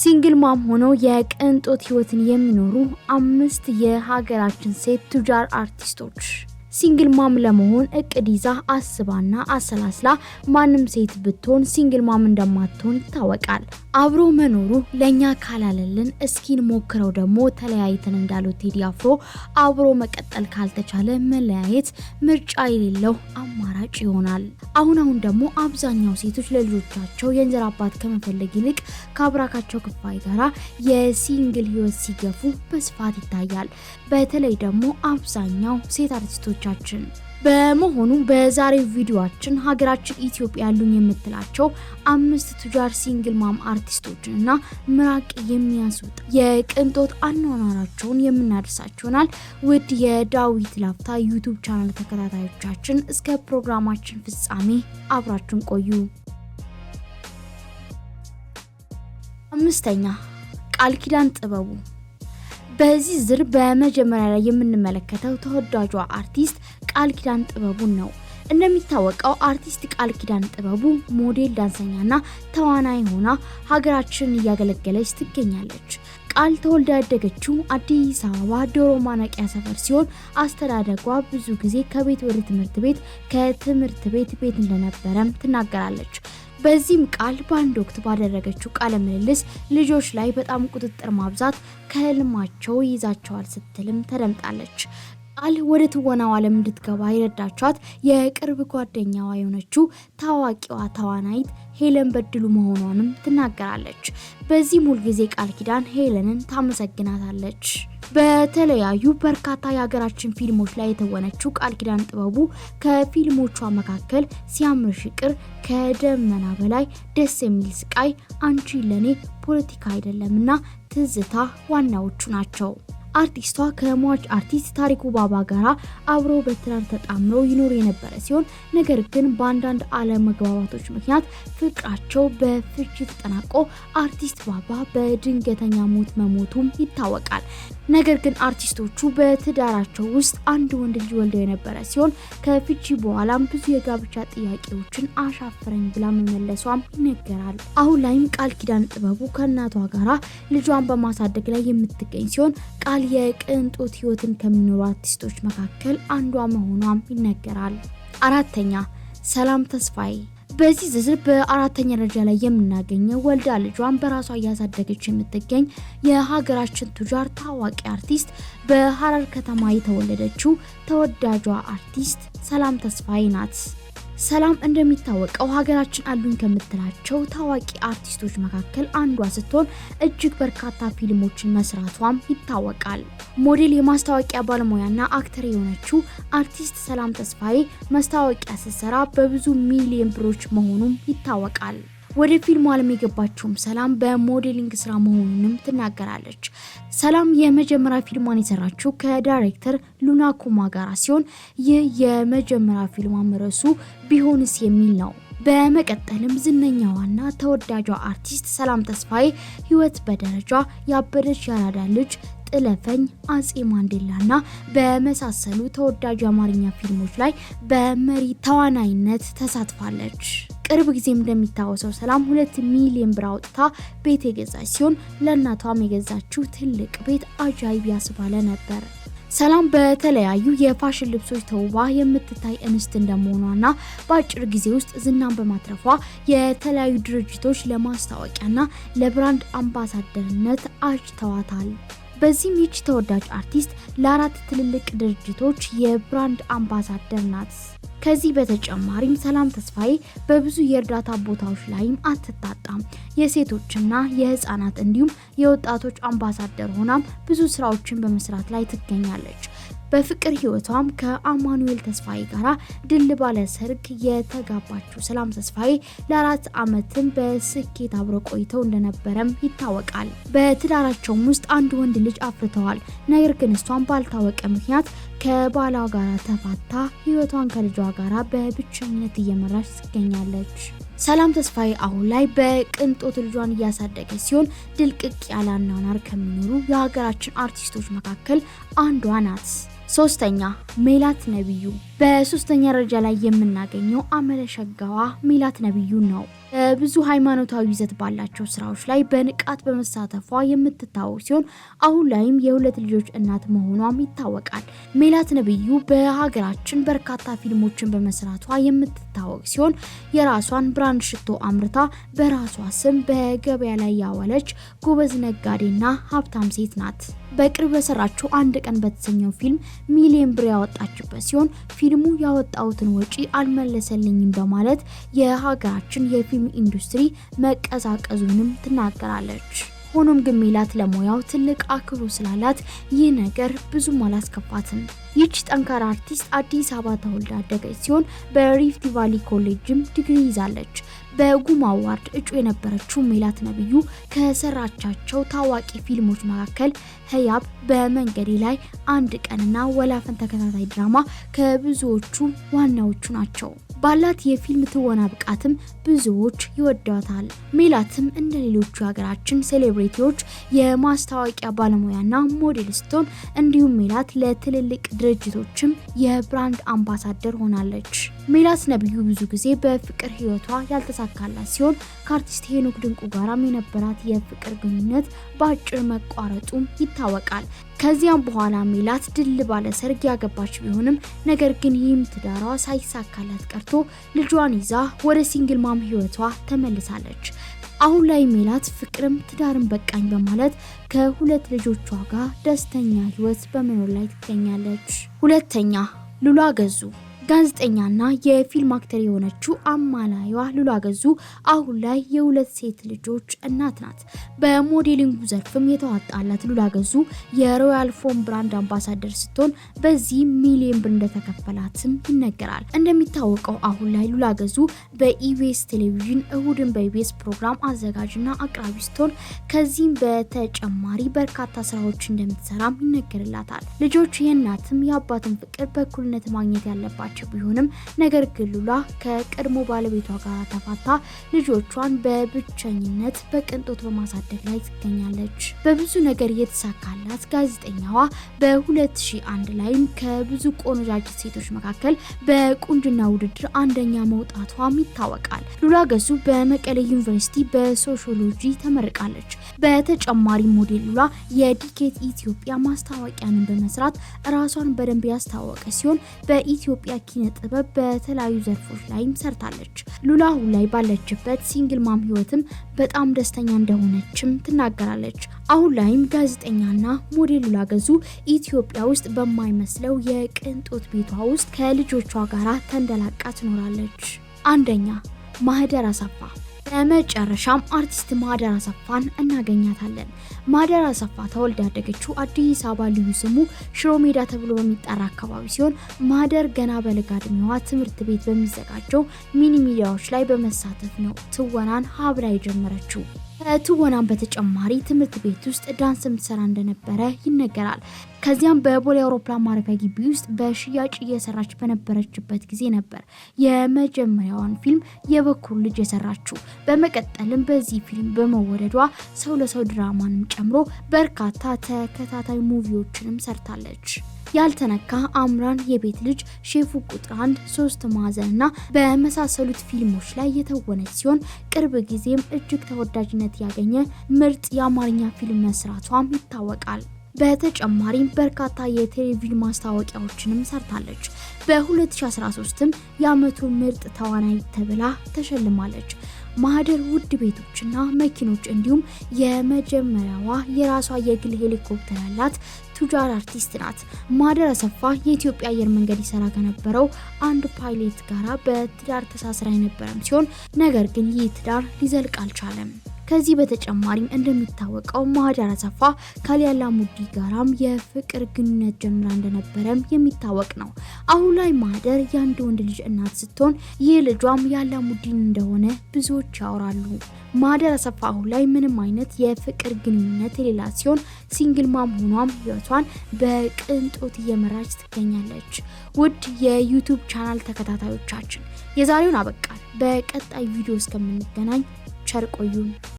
ሲንግል ማም ሆነው የቅንጦት ህይወትን የሚኖሩ አምስት የሀገራችን ሴት ቱጃር አርቲስቶች ሲንግል ማም ለመሆን እቅድ ይዛ አስባና አሰላስላ ማንም ሴት ብትሆን ሲንግል ማም እንደማትሆን ይታወቃል። አብሮ መኖሩ ለእኛ ካላለልን እስኪን ሞክረው ደግሞ ተለያይተን እንዳለው ቴዲ አፍሮ አብሮ መቀጠል ካልተቻለ መለያየት ምርጫ የሌለው አማራጭ ይሆናል። አሁን አሁን ደግሞ አብዛኛው ሴቶች ለልጆቻቸው የእንጀራ አባት ከመፈለግ ይልቅ ከአብራካቸው ክፋይ ጋራ የሲንግል ህይወት ሲገፉ በስፋት ይታያል። በተለይ ደግሞ አብዛኛው ሴት አርቲስቶቻችን በመሆኑ በዛሬው ቪዲዮአችን ሀገራችን ኢትዮጵያ ያሉኝ የምትላቸው አምስት ቱጃር ሲንግል ማም አርቲስቶችን እና ምራቅ የሚያስወጥ የቅንጦት አኗኗራቸውን የምናደርሳችሁናል። ውድ የዳዊት ላፍታ ዩቱብ ቻናል ተከታታዮቻችን እስከ ፕሮግራማችን ፍጻሜ አብራችን ቆዩ። አምስተኛ ቃል ኪዳን ጥበቡ በዚህ ዝር በመጀመሪያ ላይ የምንመለከተው ተወዳጇ አርቲስት ቃል ኪዳን ጥበቡን ነው። እንደሚታወቀው አርቲስት ቃል ኪዳን ጥበቡ ሞዴል፣ ዳንሰኛና ተዋናይ ሆና ሀገራችንን እያገለገለች ትገኛለች። ቃል ተወልዳ ያደገችው አዲስ አበባ ዶሮ ማነቂያ ሰፈር ሲሆን አስተዳደጓ ብዙ ጊዜ ከቤት ወደ ትምህርት ቤት፣ ከትምህርት ቤት ቤት እንደነበረም ትናገራለች። በዚህም ቃል በአንድ ወቅት ባደረገችው ቃለ ምልልስ ልጆች ላይ በጣም ቁጥጥር ማብዛት ከህልማቸው ይይዛቸዋል ስትልም ተደምጣለች። ቃል ወደ ትወናው ዓለም እንድትገባ የረዳቻት የቅርብ ጓደኛዋ የሆነችው ታዋቂዋ ተዋናይት ሄለን በድሉ መሆኗንም ትናገራለች። በዚህ ሙል ጊዜ ቃል ኪዳን ሄለንን ታመሰግናታለች። በተለያዩ በርካታ የሀገራችን ፊልሞች ላይ የተወነችው ቃል ኪዳን ጥበቡ ከፊልሞቿ መካከል ሲያምር ሽቅር፣ ከደመና በላይ፣ ደስ የሚል ስቃይ፣ አንቺ ለኔ፣ ፖለቲካ አይደለምና ትዝታ ዋናዎቹ ናቸው። አርቲስቷ ከሟች አርቲስት ታሪኩ ባባ ጋራ አብሮ በትዳር ተጣምረው ይኖሩ የነበረ ሲሆን ነገር ግን በአንዳንድ አለመግባባቶች ምክንያት ፍቅራቸው በፍች ተጠናቆ አርቲስት ባባ በድንገተኛ ሞት መሞቱም ይታወቃል። ነገር ግን አርቲስቶቹ በትዳራቸው ውስጥ አንድ ወንድ ልጅ ወልደው የነበረ ሲሆን ከፍቺ በኋላም ብዙ የጋብቻ ጥያቄዎችን አሻፈረኝ ብላ መመለሷም ይነገራል። አሁን ላይም ቃል ኪዳን ጥበቡ ከእናቷ ጋራ ልጇን በማሳደግ ላይ የምትገኝ ሲሆን ቃል የቅንጦት ህይወትን ከሚኖሩ አርቲስቶች መካከል አንዷ መሆኗም ይነገራል። አራተኛ ሰላም ተስፋዬ። በዚህ ዝርዝር በአራተኛ ደረጃ ላይ የምናገኘው ወልዳ ልጇን በራሷ እያሳደገች የምትገኝ የሀገራችን ቱጃር ታዋቂ አርቲስት በሀረር ከተማ የተወለደችው ተወዳጇ አርቲስት ሰላም ተስፋዬ ናት። ሰላም እንደሚታወቀው ሀገራችን አሉኝ ከምትላቸው ታዋቂ አርቲስቶች መካከል አንዷ ስትሆን እጅግ በርካታ ፊልሞችን መስራቷም ይታወቃል። ሞዴል፣ የማስታወቂያ ባለሙያና አክተር የሆነችው አርቲስት ሰላም ተስፋዬ ማስታወቂያ ስትሰራ በብዙ ሚሊዮን ብሮች መሆኑም ይታወቃል። ወደ ፊልሙ ዓለም የገባችውም ሰላም በሞዴሊንግ ስራ መሆኑንም ትናገራለች። ሰላም የመጀመሪያ ፊልሟን የሰራችው ከዳይሬክተር ሉና ኩማ ጋር ሲሆን ይህ የመጀመሪያ ፊልሟ ርዕሱ ቢሆንስ የሚል ነው። በመቀጠልም ዝነኛዋና ተወዳጇ አርቲስት ሰላም ተስፋዬ ህይወት በደረጃ፣ ያበደች ያራዳ ልጅ፣ ጥለፈኝ፣ አጼ ማንዴላና በመሳሰሉ ተወዳጅ አማርኛ ፊልሞች ላይ በመሪ ተዋናይነት ተሳትፋለች። ቅርብ ጊዜ እንደሚታወሰው ሰላም ሁለት ሚሊዮን ብር አውጥታ ቤት የገዛች ሲሆን ለእናቷም የገዛችው ትልቅ ቤት አጃይብ ያስባለ ነበር። ሰላም በተለያዩ የፋሽን ልብሶች ተውባ የምትታይ እንስት እንደመሆኗና በአጭር ጊዜ ውስጥ ዝናን በማትረፏ የተለያዩ ድርጅቶች ለማስታወቂያና ለብራንድ አምባሳደርነት አጭተዋታል። በዚህም ይች ተወዳጅ አርቲስት ለአራት ትልልቅ ድርጅቶች የብራንድ አምባሳደር ናት። ከዚህ በተጨማሪም ሰላም ተስፋዬ በብዙ የእርዳታ ቦታዎች ላይም አትታጣም። የሴቶችና የህፃናት እንዲሁም የወጣቶች አምባሳደር ሆናም ብዙ ስራዎችን በመስራት ላይ ትገኛለች። በፍቅር ህይወቷም ከአማኑኤል ተስፋዬ ጋራ ድል ባለ ሰርግ የተጋባችው ሰላም ተስፋዬ ለአራት ዓመትም በስኬት አብረው ቆይተው እንደነበረም ይታወቃል። በትዳራቸውም ውስጥ አንድ ወንድ ልጅ አፍርተዋል። ነገር ግን እሷም ባልታወቀ ምክንያት ከባሏ ጋር ተፋታ ህይወቷን ከልጇ ጋራ በብቸኝነት እየመራች ትገኛለች። ሰላም ተስፋዬ አሁን ላይ በቅንጦት ልጇን እያሳደገች ሲሆን ድልቅቅ ያለ አኗኗር ከሚኖሩ የሀገራችን አርቲስቶች መካከል አንዷ ናት። ሶስተኛ ሜላት ነብዩ። በሶስተኛ ደረጃ ላይ የምናገኘው አመለሸጋዋ ሜላት ነብዩ ነው። ብዙ ሃይማኖታዊ ይዘት ባላቸው ስራዎች ላይ በንቃት በመሳተፏ የምትታወቅ ሲሆን አሁን ላይም የሁለት ልጆች እናት መሆኗም ይታወቃል። ሜላት ነብዩ በሀገራችን በርካታ ፊልሞችን በመስራቷ የምትታወቅ ሲሆን የራሷን ብራንድ ሽቶ አምርታ በራሷ ስም በገበያ ላይ ያዋለች ጎበዝ ነጋዴና ሀብታም ሴት ናት። በቅርብ በሰራችው አንድ ቀን በተሰኘው ፊልም ሚሊዮን ብር ያወጣችበት ሲሆን ፊልሙ ያወጣሁትን ወጪ አልመለሰልኝም በማለት የሀገራችን የፊልም ኢንዱስትሪ መቀዛቀዙንም ትናገራለች። ሆኖም ግን ሜላት ለሙያው ትልቅ አክብሮ ስላላት ይህ ነገር ብዙም አላስከፋትም። ይህች ጠንካራ አርቲስት አዲስ አበባ ተወልዳ አደገች ሲሆን በሪፍት ቫሊ ኮሌጅም ዲግሪ ይዛለች። በጉማ አዋርድ እጩ የነበረችው ሜላት ነብዩ ከሰራቻቸው ታዋቂ ፊልሞች መካከል ህያብ፣ በመንገዴ ላይ፣ አንድ ቀንና ወላፈን ተከታታይ ድራማ ከብዙዎቹ ዋናዎቹ ናቸው። ባላት የፊልም ትወና ብቃትም ብዙዎች ይወዷታል። ሜላትም እንደ ሌሎቹ የሀገራችን ሴሌብሪቲዎች የማስታወቂያ ባለሙያና ሞዴል ስትሆን እንዲሁም ሜላት ለትልልቅ ድርጅቶችም የብራንድ አምባሳደር ሆናለች። ሜላት ነብዩ ብዙ ጊዜ በፍቅር ህይወቷ ያልተሳካላት ሲሆን ከአርቲስት ሄኖክ ድንቁ ጋራም የነበራት የፍቅር ግንኙነት በአጭር መቋረጡም ይታወቃል። ከዚያም በኋላ ሜላት ድል ባለ ሰርግ ያገባች ቢሆንም ነገር ግን ይህም ትዳሯ ሳይሳካላት ቀርቶ ልጇን ይዛ ወደ ሲንግል ማም ህይወቷ ተመልሳለች። አሁን ላይ ሜላት ፍቅርም ትዳርን በቃኝ በማለት ከሁለት ልጆቿ ጋር ደስተኛ ህይወት በመኖር ላይ ትገኛለች። ሁለተኛ ሉላ ገዙ ጋዜጠኛና የፊልም አክተር የሆነችው አማላይዋ ሉላ ገዙ አሁን ላይ የሁለት ሴት ልጆች እናት ናት። በሞዴሊንጉ ዘርፍም የተዋጣላት ሉላ ገዙ የሮያል ፎም ብራንድ አምባሳደር ስትሆን በዚህ ሚሊዮን ብር እንደተከፈላትም ይነገራል። እንደሚታወቀው አሁን ላይ ሉላ ገዙ በኢቢኤስ ቴሌቪዥን እሁድን በኢቢኤስ ፕሮግራም አዘጋጅና አቅራቢ ስትሆን ከዚህም በተጨማሪ በርካታ ስራዎች እንደምትሰራም ይነገርላታል። ልጆች የእናትም የአባትን ፍቅር በእኩልነት ማግኘት ያለባቸው የነበረች ቢሆንም ነገር ግን ሉላ ከቀድሞ ባለቤቷ ጋር ተፋታ ልጆቿን በብቸኝነት በቅንጦት በማሳደግ ላይ ትገኛለች። በብዙ ነገር የተሳካላት ጋዜጠኛዋ በ2001 ላይም ከብዙ ቆነጃጅት ሴቶች መካከል በቁንጅና ውድድር አንደኛ መውጣቷም ይታወቃል። ሉላ ገዙ በመቀሌ ዩኒቨርሲቲ በሶሺዮሎጂ ተመርቃለች። በተጨማሪ ሞዴል ሉላ የዲኬት ኢትዮጵያ ማስታወቂያንን በመስራት ራሷን በደንብ ያስታወቀ ሲሆን በኢትዮጵያ በኪነ ጥበብ በተለያዩ ዘርፎች ላይም ሰርታለች። ሉላ አሁን ላይ ባለችበት ሲንግል ማም ህይወትም በጣም ደስተኛ እንደሆነችም ትናገራለች። አሁን ላይም ጋዜጠኛና ሞዴል ሉላ ገዙ ኢትዮጵያ ውስጥ በማይመስለው የቅንጦት ቤቷ ውስጥ ከልጆቿ ጋር ተንደላቃ ትኖራለች። አንደኛ ማህደር አሰፋ። በመጨረሻም አርቲስት ማህደር አሰፋን እናገኛታለን። ማህደር አሰፋ ተወልዳ ያደገችው አዲስ አበባ ልዩ ስሙ ሽሮ ሜዳ ተብሎ በሚጠራ አካባቢ ሲሆን ማህደር ገና በለጋ እድሜዋ ትምህርት ቤት በሚዘጋጀው ሚኒ ሚዲያዎች ላይ በመሳተፍ ነው ትወናን ሀብላ የጀመረችው። ከትወናም በተጨማሪ ትምህርት ቤት ውስጥ ዳንስ የምትሰራ እንደነበረ ይነገራል። ከዚያም በቦሌ አውሮፕላን ማረፊያ ግቢ ውስጥ በሽያጭ እየሰራች በነበረችበት ጊዜ ነበር የመጀመሪያዋን ፊልም የበኩር ልጅ የሰራችው። በመቀጠልም በዚህ ፊልም በመወደዷ ሰው ለሰው ድራማንም ጨምሮ በርካታ ተከታታይ ሙቪዎችንም ሰርታለች። ያልተነካ አምራን፣ የቤት ልጅ፣ ሼፉ ቁጥር አንድ፣ ሶስት ማዕዘን እና በመሳሰሉት ፊልሞች ላይ የተወነች ሲሆን ቅርብ ጊዜም እጅግ ተወዳጅነት ያገኘ ምርጥ የአማርኛ ፊልም መስራቷም ይታወቃል። በተጨማሪም በርካታ የቴሌቪዥን ማስታወቂያዎችንም ሰርታለች። በ2013ም የአመቱ ምርጥ ተዋናይ ተብላ ተሸልማለች። ማህደር ውድ ቤቶችና መኪኖች እንዲሁም የመጀመሪያዋ የራሷ የግል ሄሊኮፕተር ያላት ቱጃር አርቲስት ናት። ማህደር አሰፋ የኢትዮጵያ አየር መንገድ ይሰራ ከነበረው አንድ ፓይሌት ጋራ በትዳር ተሳስራ የነበረም ሲሆን ነገር ግን ይህ ትዳር ሊዘልቅ አልቻለም። ከዚህ በተጨማሪም እንደሚታወቀው ማህደር አሰፋ ካሊያ ሙዲ ጋራም የፍቅር ግንኙነት ጀምራ እንደነበረም የሚታወቅ ነው። አሁን ላይ ማህደር የአንድ ወንድ ልጅ እናት ስትሆን ይህ ልጇም ሙዲን እንደሆነ ብዙዎች ያወራሉ። ማህደር አሰፋ አሁን ላይ ምንም አይነት የፍቅር ግንኙነት የሌላ ሲሆን ሲንግል ማም ሆኗም ህይወቷን በቅንጦት እየመራች ትገኛለች። ውድ የዩቱብ ቻናል ተከታታዮቻችን የዛሬውን አበቃል። በቀጣይ ቪዲዮ እስከምንገናኝ ቸር ቆዩን።